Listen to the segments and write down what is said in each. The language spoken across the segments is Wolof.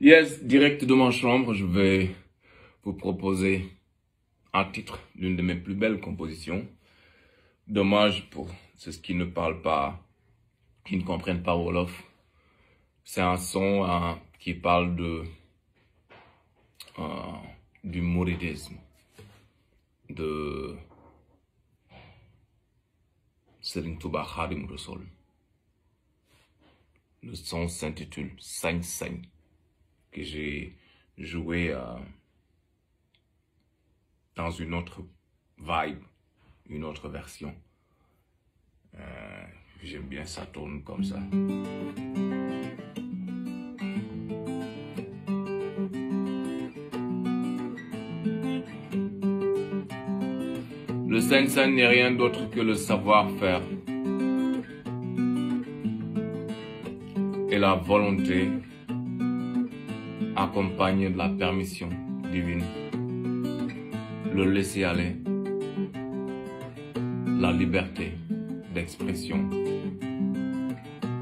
Yes, direct de ma chambre, je vais vous proposer un titre d'une de mes plus belles compositions. Dommage pour ceux qui ne parlent pas, qui ne comprennent pas Wolof. C'est un son qui parle euh, du mouridisme, Le son s'intitule Sagne que j'ai joué euh, dans une autre vibe, une autre version. Euh, bien ça tourne comme ça. Le Sensen n'est rien d'autre que le savoir-faire et la volonté accompagne la permission divine, le laisser aller, la liberté d'expression,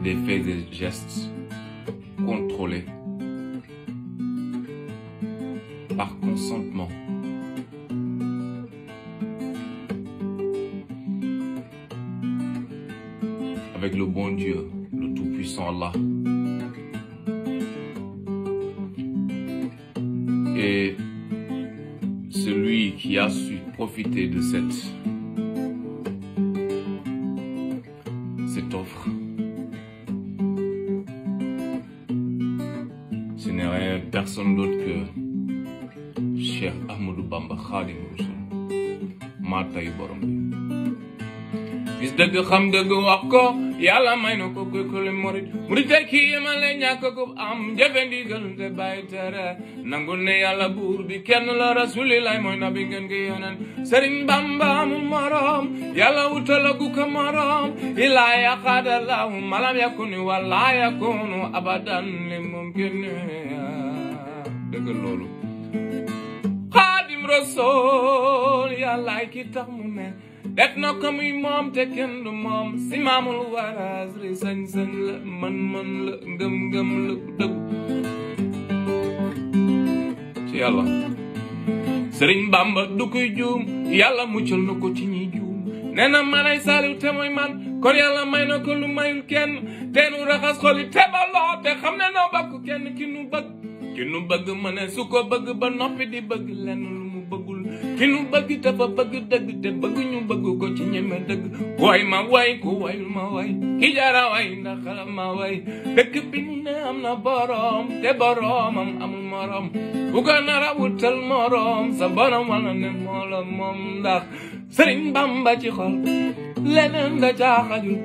des faits et gestes contrôlés par consentement. Avec le bon Dieu, le Tout-Puissant Allah. Et celui qui a su profiter de cette, cette offre, ce n'est personne d'autre que Cheikh Ahmadou Bamba Khadim Rasoul maa borom bi gis dëgg xam dëgg wax yàlla may na ko gëkkële murit murit te kii yemale ñàkk ko am jëfe ndigal te bàyyi tere nangul ne yàlla buur bi kenn la rasulilaay mooy nabi ngeen gi yoneen sëriñ bamba mu morom yàlla wutalagu ko morom ilaa yaqaadalahu malam yakuni wala yakunu abadan li mumkin dëgg loolu xaadim rasul yàlla ki tax ne det na ko muy moom te kenn du moom si maamul waraas ri sañ-sañ la man-man la ngëm-ngëm la dëgg ci yàlla sëriñ bamba du koy juum yàlla muccal na ko ci ñuy juum nee na manay te mooy man kon yàlla may na ko lu mayul kenn te nu raxas xoli te baloo te xam ne noo bakku kenn ki nu bëgg ki nu bëgg ma ne su bëgg ba noppi bëgg lenn ki nu bëgg dafa bëgg dëgg te bëgg ñu bëgg ko ci ñeme dëgg waay ma waay ku wayul ma waay ki jara waay ndax ma waay dëkk bi ne am na borom te boromam amul morom bu ko nara wutal morom sa borom wala ne moo la moom ndax sëriñ bamba ci xol leneen da caa xajul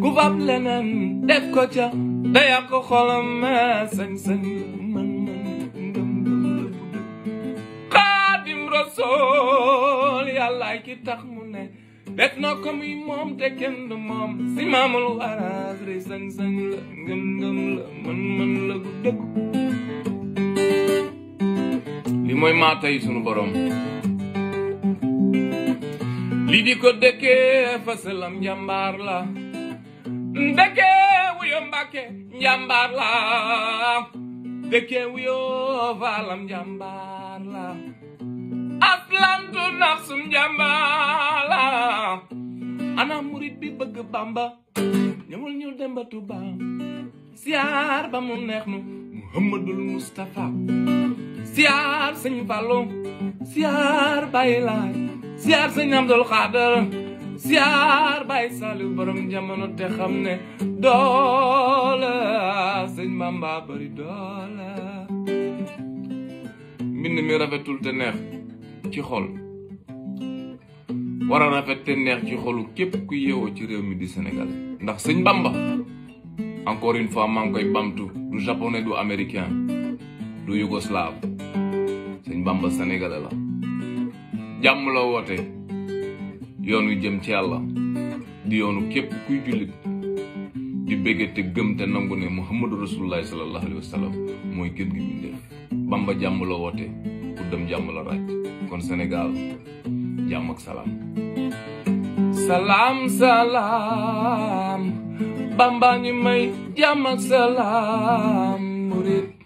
ku fab leneen def ko ca da yàq xolam sañ-sañ rasool yàlla ki tax mu ne def la ngëm li mooy maa tey sunu borom li di ko dëkkee fasalam njàmbaar la dëkke wuyo mbàkke njàmbaar la la lantu nafsum jàmbala ana murit bi bëgg bamba ñëwul ñu dem ba Tuuba ba mu neex nu muhammadul mustafa siyaar sëñ Fallu siyaar Baay Laay siyaar sëñ Abdul Xaadir siyaar Baay Saaliw borom jamono te xam ne doole sëñ Bamba bari doole mbind mi rafetul te neex ci xol war a rafet te neex ci xolu képp kuy yeewoo ci réew mi di Sénégal ndax sëñ Bamba encore une fois maa ngi koy bamtu du japonais du américain du yougoslave sëñ Bamba sénégalais la jàmm la woote yoon wi ci yàlla di yoonu képp kuy jullit di bëgg te gëm te nangu ne Muhammadu Rasulullahi sallallahu alayhi wa sallam mooy gën gi Bamba jàmm la woote kuddam jàmm la laaj kon Sénégal jàmm ak salaam salaam salaam bamba ñu may jàmm ak salaam murit